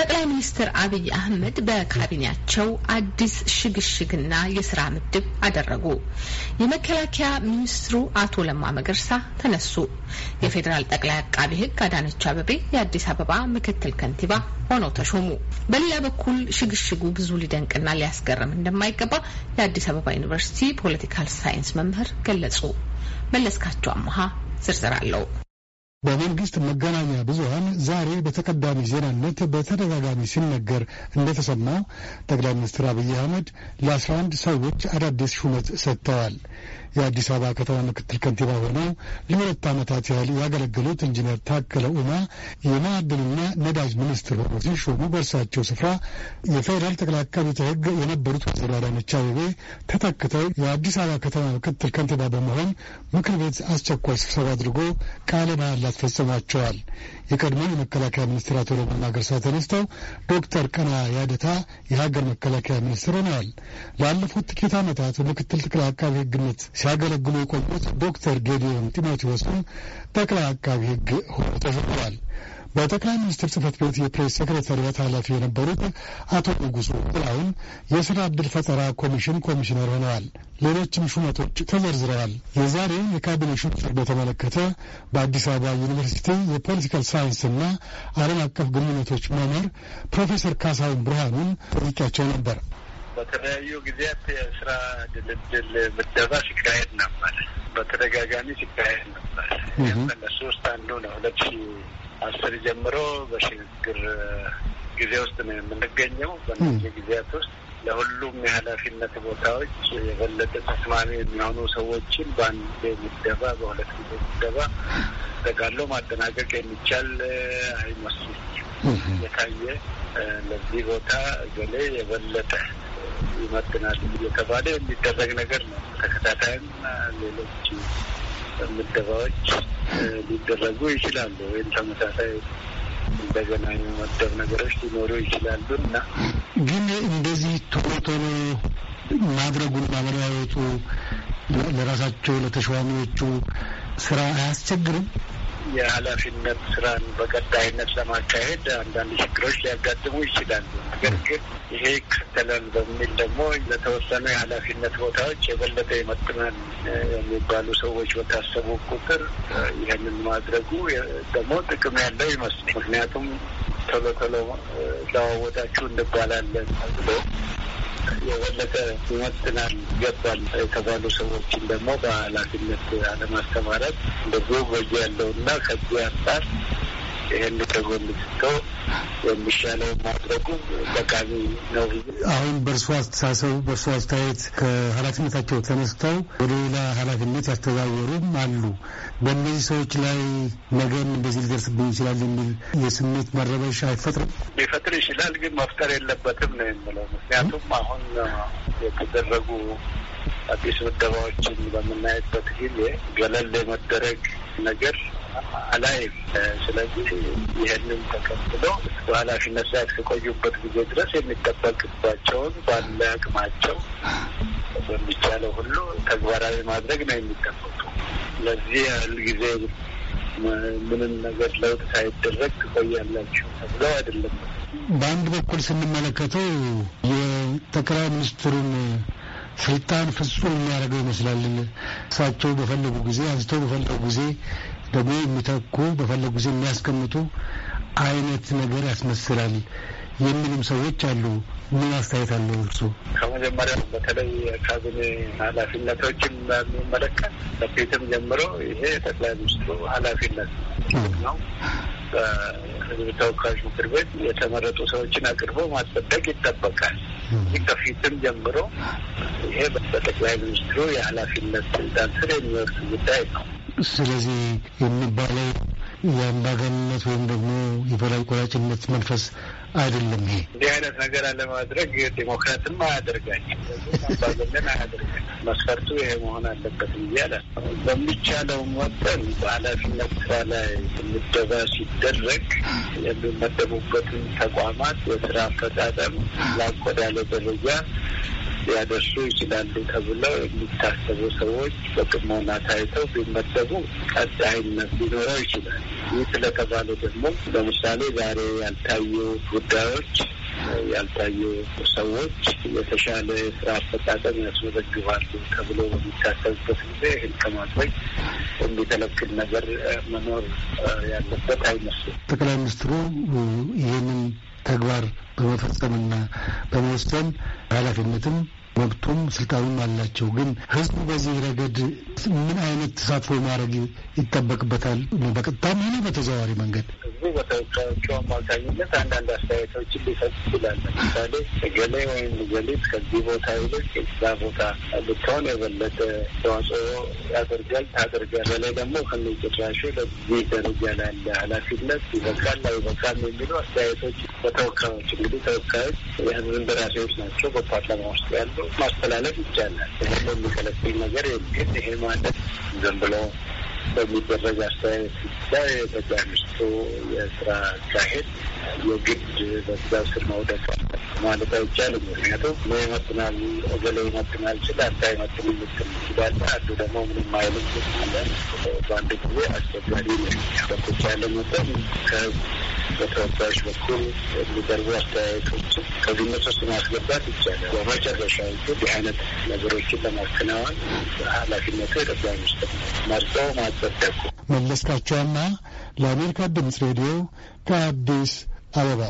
ጠቅላይ ሚኒስትር አብይ አህመድ በካቢኔያቸው አዲስ ሽግሽግና የስራ ምድብ አደረጉ። የመከላከያ ሚኒስትሩ አቶ ለማ መገርሳ ተነሱ። የፌዴራል ጠቅላይ አቃቢ ሕግ አዳነች አበቤ የአዲስ አበባ ምክትል ከንቲባ ሆነው ተሾሙ። በሌላ በኩል ሽግሽጉ ብዙ ሊደንቅና ሊያስገርም እንደማይገባ የአዲስ አበባ ዩኒቨርሲቲ ፖለቲካል ሳይንስ መምህር ገለጹ። መለስካቸው አመሃ ዝርዝር አለው። በመንግስት መገናኛ ብዙሀን ዛሬ በተቀዳሚ ዜናነት በተደጋጋሚ ሲነገር እንደተሰማው ጠቅላይ ሚኒስትር አብይ አህመድ ለ11 ሰዎች አዳዲስ ሹመት ሰጥተዋል። የአዲስ አበባ ከተማ ምክትል ከንቲባ ሆነው ለሁለት ዓመታት ያህል ያገለገሉት ኢንጂነር ታከለ ኡማ የማዕድንና ነዳጅ ሚኒስትር ሆነው ሲሾሙ በእርሳቸው ስፍራ የፌዴራል ጠቅላይ አቃቤ ሕግ የነበሩት ወይዘሮ አዳነች አቤቤ ተተክተው የአዲስ አበባ ከተማ ምክትል ከንቲባ በመሆን ምክር ቤት አስቸኳይ ስብሰባ አድርጎ ቃለ መሃላ ተግባራት ፈጽሟቸዋል። የቀድሞ የመከላከያ ሚኒስትር አቶ ለማ መገርሳ ተነስተው ዶክተር ቀና ያደታ የሀገር መከላከያ ሚኒስትር ሆነዋል። ላለፉት ጥቂት ዓመታት በምክትል ጠቅላይ አቃቢ ሕግነት ሲያገለግሉ የቆዩት ዶክተር ጌዲዮን ጢሞቴዎስም ጠቅላይ አቃቢ ሕግ ሆኖ ተሾመዋል። በጠቅላይ ሚኒስትር ጽህፈት ቤት የፕሬስ ሴክሬታሪያት ኃላፊ የነበሩት አቶ ንጉሱ ጥላሁን የስራ ዕድል ፈጠራ ኮሚሽን ኮሚሽነር ሆነዋል። ሌሎችም ሹመቶች ተዘርዝረዋል። የዛሬውን የካቢኔ ሹመት በተመለከተ በአዲስ አበባ ዩኒቨርሲቲ የፖለቲካል ሳይንስና ዓለም አቀፍ ግንኙነቶች መምህር ፕሮፌሰር ካሳሁን ብርሃኑን ጠይቄያቸው ነበር። በተለያዩ ጊዜያት የስራ ድልድል ምደባ ሲካሄድ ነበር። በተደጋጋሚ ሲካሄድ ነበር። ከነሱ ውስጥ አንዱ ነው። ሁለት ሺ አስር ጀምሮ በሽግግር ጊዜ ውስጥ ነው የምንገኘው። በእነዚህ ጊዜያት ውስጥ ለሁሉም የኃላፊነት ቦታዎች የበለጠ ተስማሚ የሚሆኑ ሰዎችን በአንድ ምደባ፣ በሁለት ጊዜ ምደባ ተጋሎ ማጠናቀቅ የሚቻል አይመስልም። የታየ ለዚህ ቦታ ገሌ የበለጠ ይመጥናል እየተባለ የሚደረግ ነገር ነው። ተከታታይም ሌሎች ምደባዎች ሊደረጉ ይችላሉ ወይም ተመሳሳይ እንደገና የሚመደብ ነገሮች ሊኖሩ ይችላሉ እና ግን እንደዚህ ቶሎ ቶሎ ማድረጉን ማበሪያዎቹ ለራሳቸው ለተሸዋሚዎቹ ስራ አያስቸግርም? የኃላፊነት ስራን በቀጣይነት ለማካሄድ አንዳንድ ችግሮች ሊያጋጥሙ ይችላሉ። ነገር ግን ይሄ ይከተላል በሚል ደግሞ ለተወሰኑ የኃላፊነት ቦታዎች የበለጠ ይመጥናል የሚባሉ ሰዎች በታሰቡ ቁጥር ይህንን ማድረጉ ደግሞ ጥቅም ያለው ይመስል ምክንያቱም ቶሎ ቶሎ ለዋወጣችሁ እንባላለን ብሎ የበለጠ ይመጥናል ይገባል የተባሉ ሰዎችን ደግሞ በኃላፊነት አለማስተማረት እንደዚሁ በዚ ያለውና ከዚህ አንጻር ይህን ከጎን ስተው የሚሻለው ማድረጉ ጠቃሚ ነው። አሁን በእርሶ አስተሳሰቡ፣ በእርሶ አስተያየት ከኃላፊነታቸው ተነስተው ወደ ሌላ ኃላፊነት ያስተዛወሩም አሉ። በእነዚህ ሰዎች ላይ ነገም እንደዚህ ሊደርስብን ይችላል የሚል የስሜት መረበሽ አይፈጥርም? ሊፈጥር ይችላል፣ ግን መፍጠር የለበትም ነው የምለው። ምክንያቱም አሁን የተደረጉ አዲስ ምደባዎችን በምናየበት ጊዜ ገለል የመደረግ ነገር አላይም ስለዚህ ይህንን ተከትሎ በኃላፊነት ላይ እስከቆዩበት ጊዜ ድረስ የሚጠበቅባቸውን ባለ አቅማቸው በሚቻለው ሁሉ ተግባራዊ ማድረግ ነው የሚጠበቁ። ለዚህ ያህል ጊዜ ምንም ነገር ለውጥ ሳይደረግ ትቆያላችሁ ተብለው አይደለም። በአንድ በኩል ስንመለከተው የጠቅላይ ሚኒስትሩን ስልጣን ፍጹም የሚያደርገው ይመስላል። እሳቸው በፈለጉ ጊዜ አንስተው በፈለጉ ጊዜ ደግሞ የሚተኩ በፈለጉ ጊዜ የሚያስቀምጡ አይነት ነገር ያስመስላል የሚሉም ሰዎች አሉ። ምን አስተያየት አለ እርሱ? ከመጀመሪያው በተለይ የካቢኔ ኃላፊነቶችን በሚመለከት በፊትም ጀምሮ ይሄ ጠቅላይ ሚኒስትሩ ኃላፊነት ነው። በህዝብ ተወካዮች ምክር ቤት የተመረጡ ሰዎችን አቅርቦ ማጸደቅ ይጠበቃል። ይህ ከፊትም ጀምሮ ይሄ በጠቅላይ ሚኒስትሩ የኃላፊነት ስልጣን ስር ጉዳይ ነው። ስለዚህ የሚባለው የአምባገንነት ወይም ደግሞ የበላይ ቆራጭነት መንፈስ አይደለም። ይሄ እንዲህ አይነት ነገር አለማድረግ ዴሞክራትም አያደርጋኝም፣ አምባገነን አያደርጋኝ። መስፈርቱ ይሄ መሆን አለበት እያለ በሚቻለው መጠን በኃላፊነት ስራ ላይ ስንደባ ሲደረግ የሚመደቡበትን ተቋማት የስራ አፈጻጸም ላቅ ወዳለ ደረጃ ሊያደርሱ ይችላሉ ተብለው የሚታሰቡ ሰዎች በቅሞና ታይተው ቢመደቡ ቀጣይነት ሊኖረው ይችላል። ይህ ስለተባለ ደግሞ ለምሳሌ ዛሬ ያልታዩ ጉዳዮች ያልታዩ ሰዎች የተሻለ የስራ አፈጣጠም ያስመዘግባሉ ተብሎ በሚታሰብበት ጊዜ ይህን ከማድረግ የሚከለክል ነገር መኖር ያለበት አይመስልም። ጠቅላይ ሚኒስትሩ ይህንን ተግባር በመፈጸምና በመወሰን ኃላፊነትም መብቱም ስልጣኑም አላቸው። ግን ህዝቡ በዚህ ረገድ ምን አይነት ተሳትፎ ማድረግ ይጠበቅበታል? በቀጥታም ሆነ በተዘዋዋሪ መንገድ ህዝቡ በተወካዮቹ አማካኝነት አንዳንድ አስተያየቶችን ሊሰጥ ይችላል። ለምሳሌ እገሌ ወይም ገሊት ከዚህ ቦታ ይልቅ እዛ ቦታ ብትሆን የበለጠ ተዋጽኦ ያደርጋል ታደርጋል። በላይ ደግሞ ከነጭራሹ ለዚህ ደረጃ ላለ ኃላፊነት ይበቃል አይበቃም የሚሉ አስተያየቶች በተወካዮች እንግዲህ ተወካዮች የህዝብ እንደራሴዎች ናቸው። በፓርላማ ውስጥ ያሉ ማስተላለፍ ይቻላል። ይህ የሚከለክል ነገር የለም። ግን ይሄ ማለት ዝም ብሎ በሚደረግ አስተያየት ብቻ የጠቅላይ ሚኒስትሩ የስራ አካሄድ የግድ በዛ ስር መውደቅ ማለት አይቻልም። ምክንያቱም ነ ይመጥናል ገለ ይመጥናል ችል አንተ አይመጥን ልትል ትችላለህ። አንዱ ደግሞ ምንም አይልም አለ። በአንድ ጊዜ አስቸጋሪ ነው። በተቻለ መጠን ከህዝብ በተወዳጅ በኩል የሚደርቡ አስተያየቶች ከግምት ውስጥ ማስገባት ይቻላል። በመጨረሻ ይህ አይነት ነገሮችን ለማከናወን ኃላፊነቱ የጠቅላይ ሚኒስትር መርጦ ማጸደቁ መለስካቸውና ለአሜሪካ ድምፅ ሬዲዮ ከአዲስ አበባ